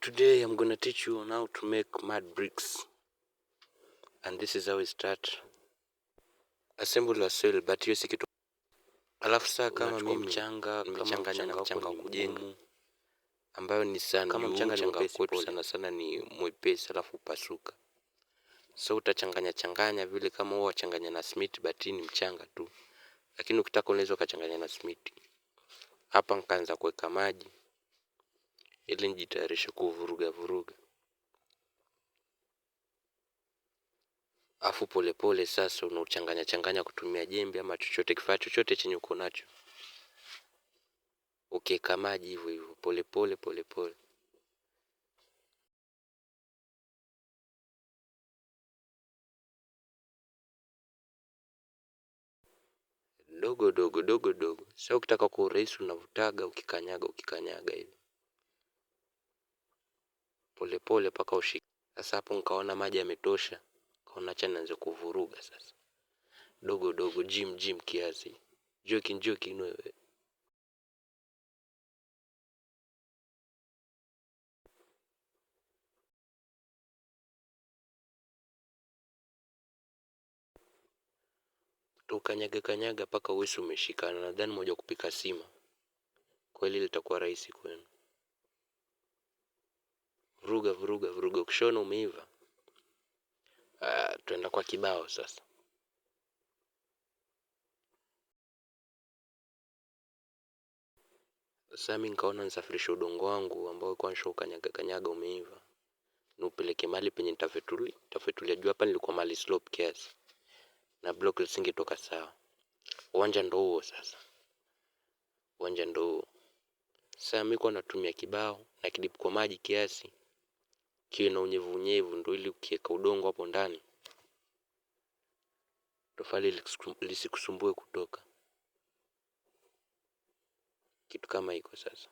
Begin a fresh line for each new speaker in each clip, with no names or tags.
Today I'm gonna teach you on how to make mud bricks. And this is how we start. Assemble a soil but hiyo si kitu. Alafu saa kama mi mchanga, nimechanganya na mchanga wa kujenga ambayo ni sana kama mchanga ni kwetu sana sana ni mwepesi alafu upasuka. So utachanganya changanya vile kama huwa changanya na simiti but ni mchanga tu. Lakini ukitaka unaweza ukachanganya na simiti. Hapa nikaanza kuweka maji ili nijitayarishe kuvuruga vuruga. Afu polepole pole, sasa unauchanganya changanya kutumia jembe ama chochote kifaa chochote chenye uko nacho, ukiweka maji hivyo hivyo polepole polepole dogo dogo dogo dogo. Sasa ukitaka kuwa rahisi, unavutaga ukikanyaga, ukikanyaga hivi polepole mpaka ushike. Sasa hapo nkaona maji yametosha, kaona acha nianze kuvuruga sasa dogo dogo, jim jim kiasi, joki njoki wewe. Tukanyaga kanyaga mpaka uso umeshikana. Nadhani moja kupika sima, kweli litakuwa rahisi kwenu vuruga vuruga vuruga, ukishona umeiva. Uh, ah, tuenda kwa kibao sasa. Sami nikaona nisafirishe udongo wangu ambao ulikuwa nisho kanyaga kanyaga umeiva, niupeleke mali penye nitafetuli tafetulia juu. Hapa nilikuwa mali slope kiasi na block lisingetoka sawa. Uwanja ndo huo sasa, uwanja ndo huo sasa. Mimi kwa natumia kibao na kidipu kwa maji kiasi kiwe na unyevunyevu ndio ili ukiweka udongo hapo ndani tofali lisikusumbue kutoka. Kitu kama hiko sasa.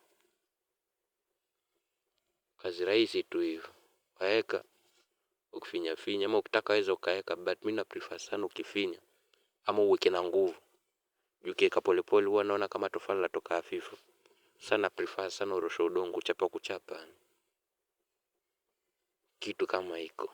Kazi rahisi tu hivyo. Waeka ukifinya finya ama ukitaka weza ukaeka but mimi na prefer sana ukifinya ama uweke na nguvu. Juu ukiweka polepole huwa naona kama tofali latoka hafifu. Sana prefer sana urushe udongo kuchapa kuchapa kitu kama hiko.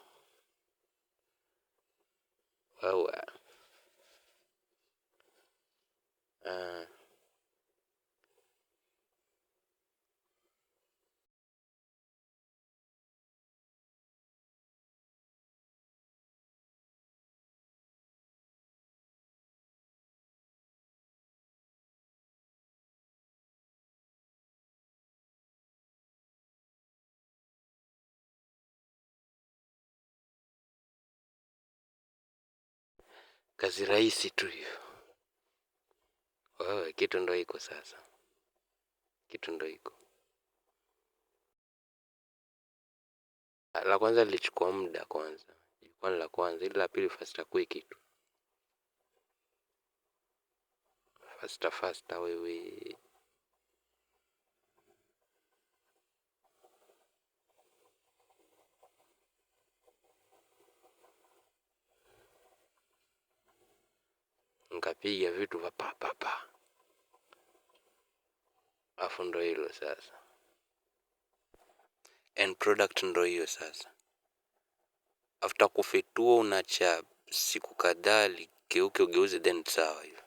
kazi rahisi tu hiyo. Wewe kitu ndo iko sasa, kitu ndo iko. La kwanza lilichukua muda kwanza, jukwani la kwanza, ili la pili fasta quick tu, fasta fasta wewe. nkapiga vitu vya pa pa pa, afu ndo hilo sasa, end product ndo hiyo sasa. After kufitua unacha siku kadhaa likeuke ugeuze, then sawa hiyo.